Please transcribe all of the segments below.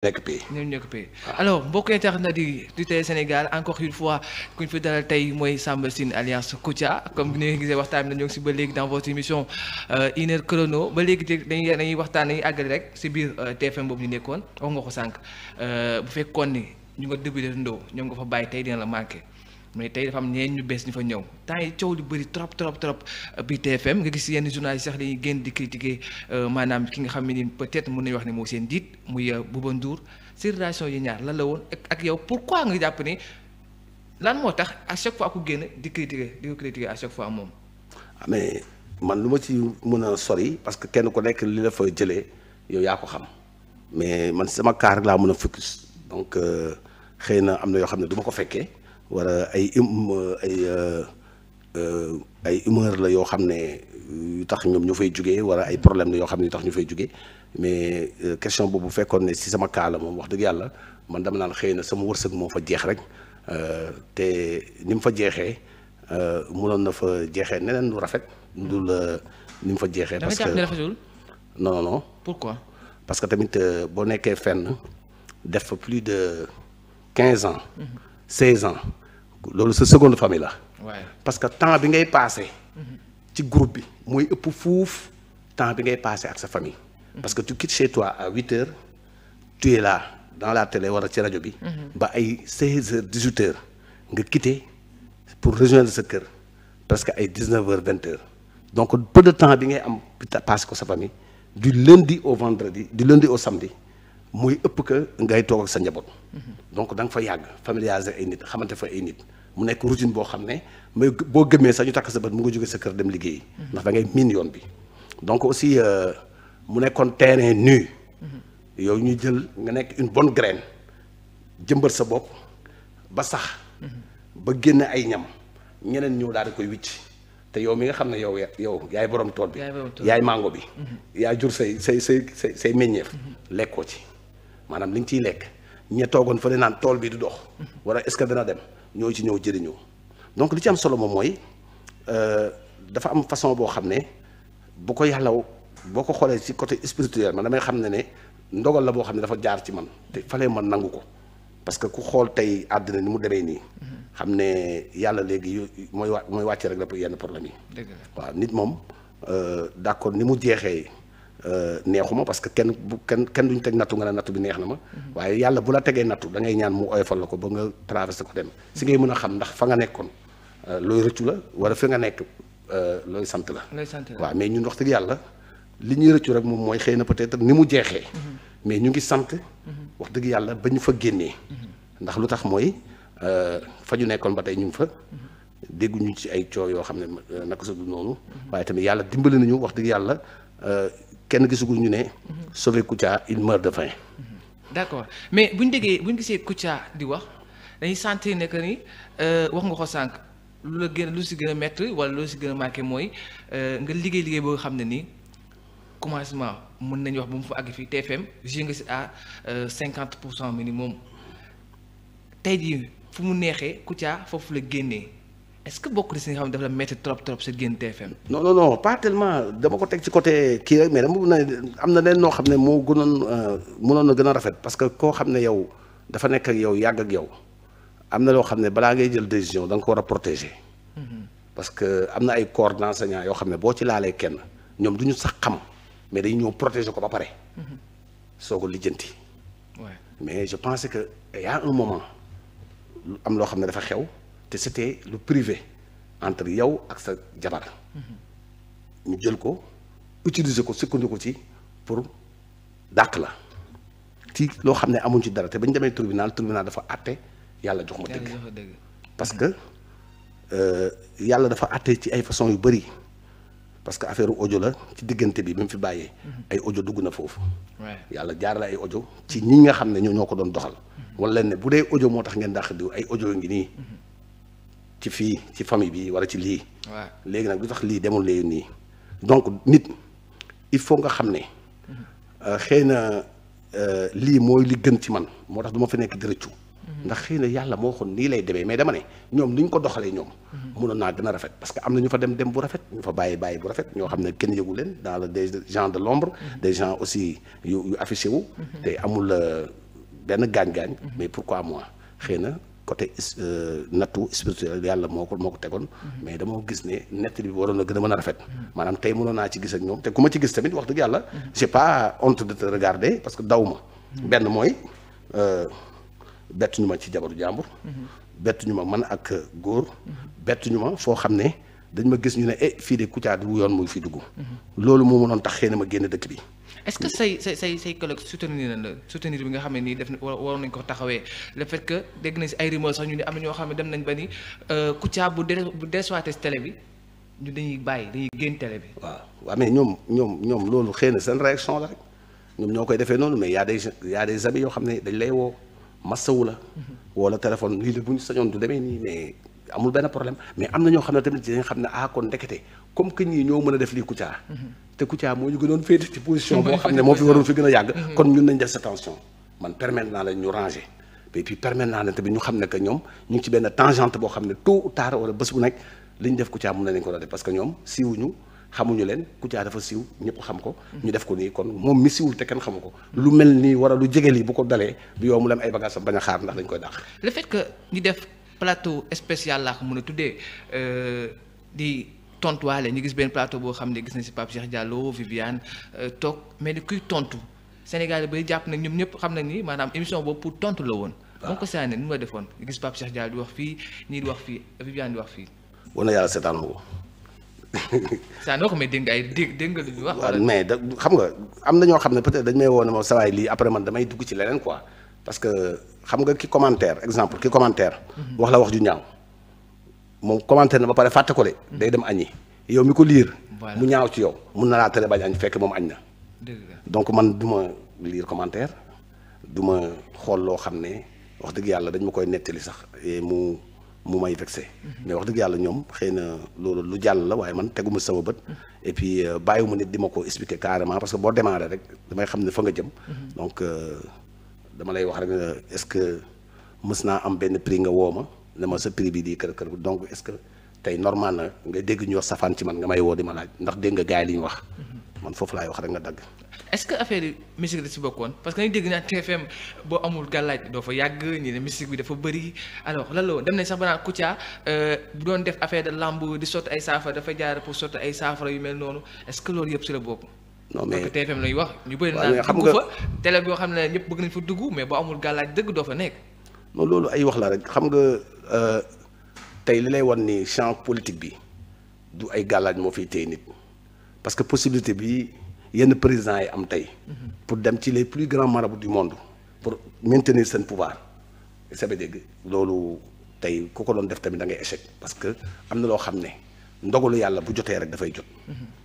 nekk pays nekk pays alors mbokk internet di di télé Sénégal encore une fois kuñ fi dalal tey mooy Samba Sine alias Kouthia comme ni gisee waxtaan bi na ñoo ngi si ba léegi dans votre émission euh, une heure ba léegi te dañuy dañuy waxtaan dañuy àggali rek si biir euh, TFM boobu ñu nekkoon wax nga ko sànq euh, bu fekkoon ni ñu nga débuté ndoo ñoom nga fa bàyyi tey dina la manqué mais tey dafa am ñeen ñu bees ñu fa ñëw temps yi coow lu bëri trop trop trop euh, bi TFM nga gis yenn journalistes sax dañuy génn di critiquer euh, maanaam ki nga xam ne ni peut-être mën nañu wax ne moo seen diit muy euh, Bouba Ndour si relation yi ñaar lan la woon ak yow pourquoi nga jàpp ne lan moo tax à chaque fois di critiquer di ko à chaque fois moom. Ah, mais man lu ma ci mun a sori parce que kenn ku nekk li la fa jëlee yow yaa ko xam mais man sama kaar laa mun a focus donc xëy na am na yoo xam ne duma ko fekkee. wala ay ay euh, euh, ay humeur la yoo xam ne yu tax ñoom ñu fay jóge wala ay problème la yoo xam ne yu tax ñu fay jóge mais euh, question boobu bu fekkoon ne si sama cas moom wax dëgg yàlla man dama naan xëy na sama wërsëg moo fa jeex rek te ni fa jeexee mënoon na fa jeexee neneen lu rafet. du la ni fa jeexee. parce parce que tamit boo nekkee fenn def fa plus de quinze ans. Mhm. seize ans. loolu sa seconde famille la. parce que temps bi ngay passé. ci groupe bi mooy ëpp fuuf temps bi ngay passé ak sa famille. parce que tu quittes chez toi à huit heures tu es là dans la télé wala ci rajo bi. ba ay seize heures dix huit heures nga quitté pour rejoindre sa kër presque ay dix neuf heures vingt heures donc peu de temps bi ngay am passé ko sa famille du lundi au vendredi du lundi au samedi. mooy ëpp que ngay toog ak sa njaboot. donc da nga fa yàgg familiariser ay nit xamante fa ay nit mu nekk routine boo xam ne mais boo gëmmee sax ñu takk sa bët mu nga jóge sa kër dem liggéey. ndax bi. donc aussi euh, mu nekkoon terrain nu. yow ñu jël nga nekk une bon graine jëmbat sa bopp ba sax. ba génn ay ñam ñeneen ñëw daal di koy wicc. te yow mi nga xam ne yow yow yaay borom tool bi yaay mango bi. yaa mhm. jur say say say say meññeef mhm. lekkoo ci. maanaam li nga ciy lekk ña toogoon fa ne naan tool bii du dox. wala est-ce que dana dem ñoo ci ñëw jëriñoo donc li ci am solo moom mooy euh, dafa am façon boo xam ne bu ko yàlla boo ko xoolee ci côté spirituel man damay xam ne ne ndogal la boo xam ne dafa jaar ci man te falee man nangu ko parce que ku xool tey àddina ni mu demee nii. xam ne yàlla léegi mooy wa mooy wàcce rek la yenn problème yi. waaw nit moom euh, d'accord ni mu jeexee. Euh, neexuma parce que kenn bu kenn kenn duñ teg nattu nga ne nattu bi neex na ma waaye yàlla bu la tegee nattu da ngay ñaan mu oyofal la ko ba nga traversé ko dem si ngay mën a xam ndax fa nga nekkoon euh, looy rëccu la wala fi nga nekk euh, looy sant la waaw mais ñun wax dëgg yàlla li ñuy rëccu na peut-être ni mu jeexee mm-hmm. ñu ngi sant mm-hmm. wax dëgg yàlla ba ñu fa génnee mm-hmm. ndax lu tax mooy fa ñu nekkoon ba tey ñu ngi fa dégguñu ci ay coow yoo xam ne naka sa du noonu waaye tamit yàlla dimbali nañu wax dëgg yàlla Euh, kenn gisugul ñu ne. sauver Kouthia il meurt de faim. Mhm. d' accord mais bu ñu déggee bu ñu gisee Kouthia di wax dañuy sentir ne que ni euh, wax nga ko sànq lu la gën lu si gën a métti wala lu si gën a marqué mooy euh, nga liggéey liggéey boo xam ne nii commencement mën nañu wax ba mu fa àgg fii TFM jugé nga si à cinquante pour cent moom tey jii fu mu neexee Kouthia foofu la génnee. est-ce que bokk na si nga xam ne dafa la métti trop trop si génn TFM. non non non pas dama ko teg ci côté kii rek mais dama na am na leen noo xam ne moo gënoon euh, mënoon na gën a rafet parce que koo xam ne yow dafa nekk ak yow yàgg ak yow am na loo xam ne balaa ngay jël décision da nga ko war a protéger. Mm-hmm. parce que am na ay corps d'enseignants yoo xam ne boo ci laalee kenn ñoom du ñu sax xam mais dañu ñëw protéger ko ba pare. Mm-hmm. soo ko lijjanti. mais je pense que y un moment am loo xam ne dafa xew. te c'était lu privé entre yow ak sa jabar ñu jël ko utiliser ko sukkandiku ci pour dàq la ci loo xam ne amuñ ci dara te bañ demee tribunal tribunal dafa àtte yàlla jox ma dëgg parce que euh, yàlla dafa àtte ci ay façon yu bëri parce que affaire audio la ci diggante bi bi mu fi bàyyee mhm. ay audio dugg na foofu yàlla jaar la ay audio ci ñi nga xam ne ñoo ñoo ko doon doxal mhm. wala ne bu dee ojo moo tax ngeen dàq diw ay ojo ngi nii mhm. ci fii ci famille bi wala ci lii. waaw léegi nag lu tax lii demul léegi nii donc nit il faut nga xam ne euh, xëy na euh, lii mooy li gën ci man moo tax du ma fi nekk di rëccu. Mhm. ndax xëy na yàlla moo xon nii lay demee mais dama ne ñoom ni ko doxale ñoom. Mhm. mënoon naa gën a rafet parce que am na ñu fa dem dem bu rafet ñu fa bàyyi bàyyi bu rafet ñoo xam ne kenn yëgu leen dans le des de l'ombre mhm. des gens aussi yu yu affiché wu. te amul euh, benn gaañ-gaañ. mais pourquoi moi xëy na. côté euh, nattu spirituel yàlla moo ko moo ko tegoon mais dama gis ne nett bi waroon na gën a mën a rafet maanaam tey mënoon naa ci gis ñoom te ku ma ci gis tamit wax dëgg yàlla j'ai pas honte de te regarder parce que daw ma benn mooy euh, bettuñu ma ci jabaru jàmbur mm-hmm. bettuñu ma man ak góor mm-hmm. ñu ma foo xam ne dañu ma gis ñu ne eh fii de Kouthia du yoon muy fi dugg. loolu moo mënoon tax xëy na ma génn dëkk bi. est-ce que say say say say collègues la bi nga xam ne nii def waroon nañ ko taxawee le fait que dégg nañ si ay ñu ne am ñoo xam ne dem nañ ba ni euh, Kouthia bu bu desuwaatee si télé bi dañuy bàyyi dañuy génn télé bi. waaw waaw mais ñoom ñoom ñoom loolu xëy na seen réaction la rek ñoom ñoo koy defee noonu mais y a des y yoo xam ne dañ lay woo massawu la. Mhm. woo la téléphone lii de buñ ñu sañoon du demee nii mais. amul benn problème mais am na ñoo xam ne tamit dinañ xam ne ah kon ndekete comme que ñii ñoo mën a def lii Kouthia mm-hmm. te Kouthia a yàgg mm-hmm. kon ñun nañ def sa tension ñu ranger ko def parce que ñoom siiwuñu xamuñu leen Kouthia dafa siiw ñëpp mm-hmm. moom mi siiwul te kenn xamu ko lu mel nii war a lu jege lii bu ko dalee bi yow mu dem ay bagages am a xaar ndax dañ koy dàq le fait que ñu def plateau spécial laa ko mën a tuddee euh, di tontuwaale ñu gis benn plateau boo xam ne gis nañ si Pape Cheikh Diallo Viviane euh, toog mais ni kuy tontu Sénégal ba jàpp na ñoom ñëpp xam nañ ni maanaam émission boobu pour tontu woon. waaw ko saa defoon gis Pape Cheikh Diallo di wax fii ñii di wax fii Viviane di wax fii. war na yàlla seetaan ma ko. saa noo ko may dégg nga ay dégg lu ñu wax. mais da xam nga am na ñoo xam ne peut-être dañ may woo ne ma saa lii après man damay dugg ci leneen quoi. parce que xam nga ki commentaire exemple ki commentaire. Mhm. wax la wax ju ñaaw moom commentaire na ba pare fàtte ko de. Mhm. day dem añi yow mi ko liir. mu ñaaw ci yow mun na laa tere bañ añ fekk moom añ na. donc man du ma liir commentaire du ma xool loo xam ne wax dëgg yàlla dañ ma koy nettali sax mu mu may vexé. Mhm. mais wax dëgg yàlla ñoom xëy na loolu lu jàll la waaye man teguma sama bët. et puis euh, mu nit di ma ko expliquer carrément parce que boo démarré rek damay xam fa nga jëm. Euh, dama lay wax rek ne est-ce que mës naa am benn prix nga woo ma ne ma sa prix bi di kër kër donc est-ce que tey normal na nga dégg ñu wax safaan ci man nga may woo di ma laaj ndax dégg nga gars yi li ñu wax mhm. man foofu laay wax rek nga dagg. est-ce que affaire yi musique si bokkoon parce que dañuy dégg naa TFM boo amul gàllaaj doo fa yàgg ñi ne musique bi dafa bëri alors lan la woon dem ne sax ba naan Kouthia euh, bu doon def affaire de lamb di sotti ay saafara dafa jaar pour sotti ay saafara yu mel noonu est yëpp si la non mais parce que wax ñu bëri naan nga fa télé boo xam ne ñëpp bëgg nañ fa dugg mais boo amul gàllaaj dëgg doo fa nekk non loolu ay wax la rek xam nga euh, tey li lay wan ni champ politique bi du ay gàllaaj moo fiy téye nit parce que possibilité bi yenn président yi am tey mhm. pour dem ci les plus grands marabouts du monde pour maintenir seen pouvoir ça veut dire loolu tey ku ko doon def tamit da ngay échec parce que am na loo xam ne ndogalu yàlla bu jotee rek dafay jot.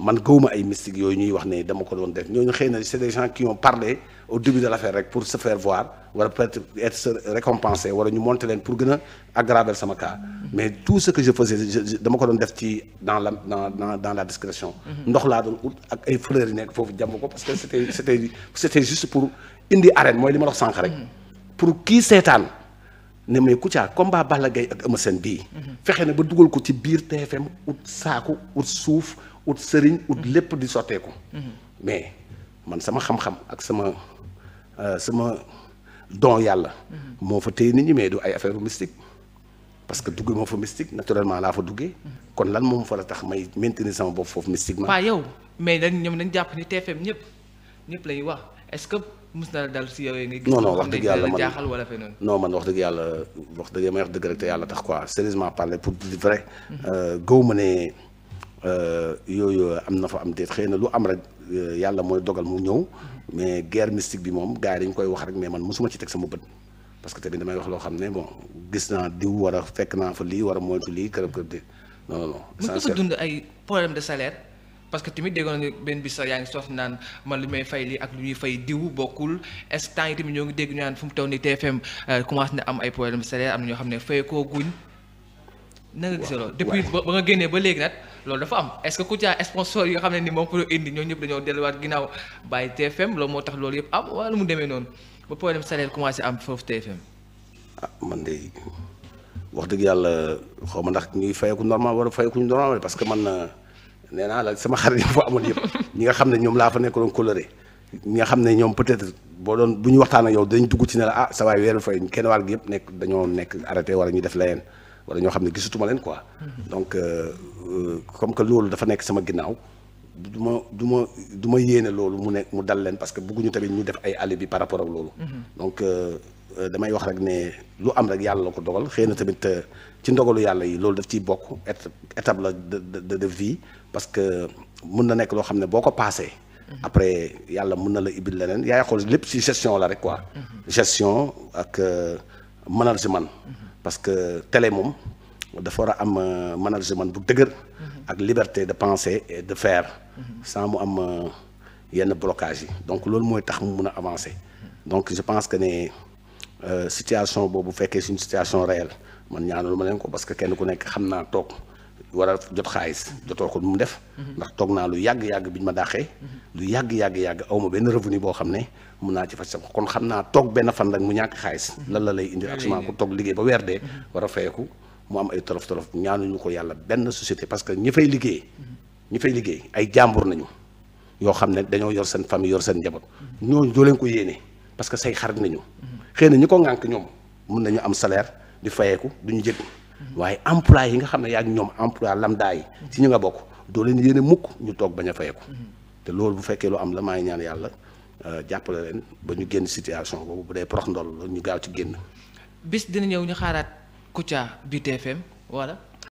man gëwuma ay mystique yooyu ñuy wax ne dama ko doon def ñooñu xëy na c'est des gens qui ont parlé au début de l'affaire rek pour se faire voir récompensé wala ñu monter leen pour gën a aggraver sama cas. mais tout ce que je faisais dama ko doon def ci dans la discrétion. ndox laa doon ak ay fleurs nekk foofu jàmm ko parce que c'était juste pour indi arène mooy li ma wax sànq rek. pour kii seetaan. ne mais Kouthia combat Balla Gaye ak Eumeu bii. Mhm. fexe na ba dugal ko ci biir TFM ut saaku ut suuf ut sëriñ ut mhm. lépp di sotteeku. Mhm. mais man sama xam-xam ak sama euh, sama don yàlla. moo fa téye nit ñi mais du ay affaire mystique. parce que duggee moo fa mystique naturellement laa fa duggee. kon lan moom fa la tax may maintenir sama bopp foofu mystiquement. waaw yow mais dañ ñoom dañ jàpp ni TFM ñëpp ñëpp lay wax. est-ce que mus na la dal si yow yi gis non wax dëgg yàlla man jaaxal wala feneen non man wax dëgg yàlla wax dëgg may wax dëgg rek te yàlla tax quoi sérieusement parler pour dire vrai mhm. euh, gaw ma ne euh, yooyu euh, am na fa am déet xëy na lu am rek yàlla mooy dogal mu ñëw mais guerre mystique bi moom gars yi dañu koy wax rek mais man mosuma ci teg sama bët parce que tamit damay wax loo xam ne bon gis naa diw war a fekk naa fa lii wara a moytu lii kërëb kërëb de non non non. essentiel parce que tamit déggoon nga benn bis sax yaa ngi soos naan man lu may fay lii ak lu ñuy fay diw bokkul instant yi tamit ñoo ngi dégg ñu naan fu mu taw ni TFM euh, commencé na am ay problème am ñoo xam ne fay koo guñ na nga depuis ba nga génnee ba léegi nag loolu dafa am est-ce que Kouthia sponsor yi nga xam ne ni moom pour indi ñoo ñëpp dañoo delluwaat ginnaaw bàyyi TFM loolu moo tax loolu yëpp am wala mu demee noonu ba problème salaire commencé am foofu TFM ah man de wax dëgg yàlla xaw ma ndax ñuy fayeku normal wala fayekuñu normal parce que man euh, nee naa la sama xarit yi fa amoon yëpp ñi nga xam ne ñoom laa fa nekk doon coloré ñi nga xam ne ñoom peut-être boo doon bu ñu waxtaan ak yow dañ dugg ci ne ah sa waay weeru fay kenn wàll gi yëpp nekk dañoo nekk arrêté wala ñu def leneen wala ñoo xam ne gisatuma leen quoi. Mm-hmm. donc euh, euh, comme que loolu dafa nekk sama ginnaaw du ma du ma du ma yéene loolu mu nekk mu dal leen parce que bëgguñu tamit ñu def ay alibi par rapport ak loolu. Mm-hmm. donc. Euh, damay wax rek ne lu am rek yàlla la ko dogal xëy na tamit euh, ci ndogalu yàlla yi loolu daf ciy bokk étape la de de vie parce que mun na nekk loo xam ne boo ko paasee. Mhm. après yàlla mun na la ibil leneen yaay xool lépp ci gestion la rek quoi. Mhm. gestion ak euh, management. Mhm. parce que télé moom dafa war a am euh, management bu dëgër. ak liberté de penser et de faire. sans mu am yenn blocage yi donc loolu mooy tax mu mun a avancer donc je pense que ne. Euh, situation boobu fekkee suñu situation réelle man lu ma leen ko parce que kenn ku nekk xam naa toog war a jot xaalis jotoo ko nu mu def. Mhm. ndax toog naa lu yàgg yàgg bi ñu ma dàqee. Mhm. lu yàgg yàgg yàgg aw ma benn revenu boo xam ne mun naa ci faj sama kon xam naa toog benn fan rek mu ñàkk xaalis. Mhm. lan la lay indi ak suma ko toog liggéey ba weer dee. war a fayeku mu am ay tolof tolof ñaanuñu ko yàlla benn société parce que ñi fay liggéey. ñi fay liggéey ay jàmbur nañu yoo xam ne dañoo yor seen famille yor seen njaboot ñooñu doo leen ko yéene. parce que say xarit nañu. xëy na ñu ko ŋànk ñoom mun nañu am salaire di fayeeku ñu jëg waaye emplois yi nga xam ne yaa ngi ñoom emploi lambda yi ci ñu nga bokk doo leen yéene mukk ñu toog bañ a fayeeku te loolu bu fekkee lu am la maa ngi ñaan yàlla euh, jàppale leen ba ñu génn situation boobu bu dee prox ndol la ñu gaaw ci génn bis dina ñëw ñu xaaraat Kouthia bi TFM wala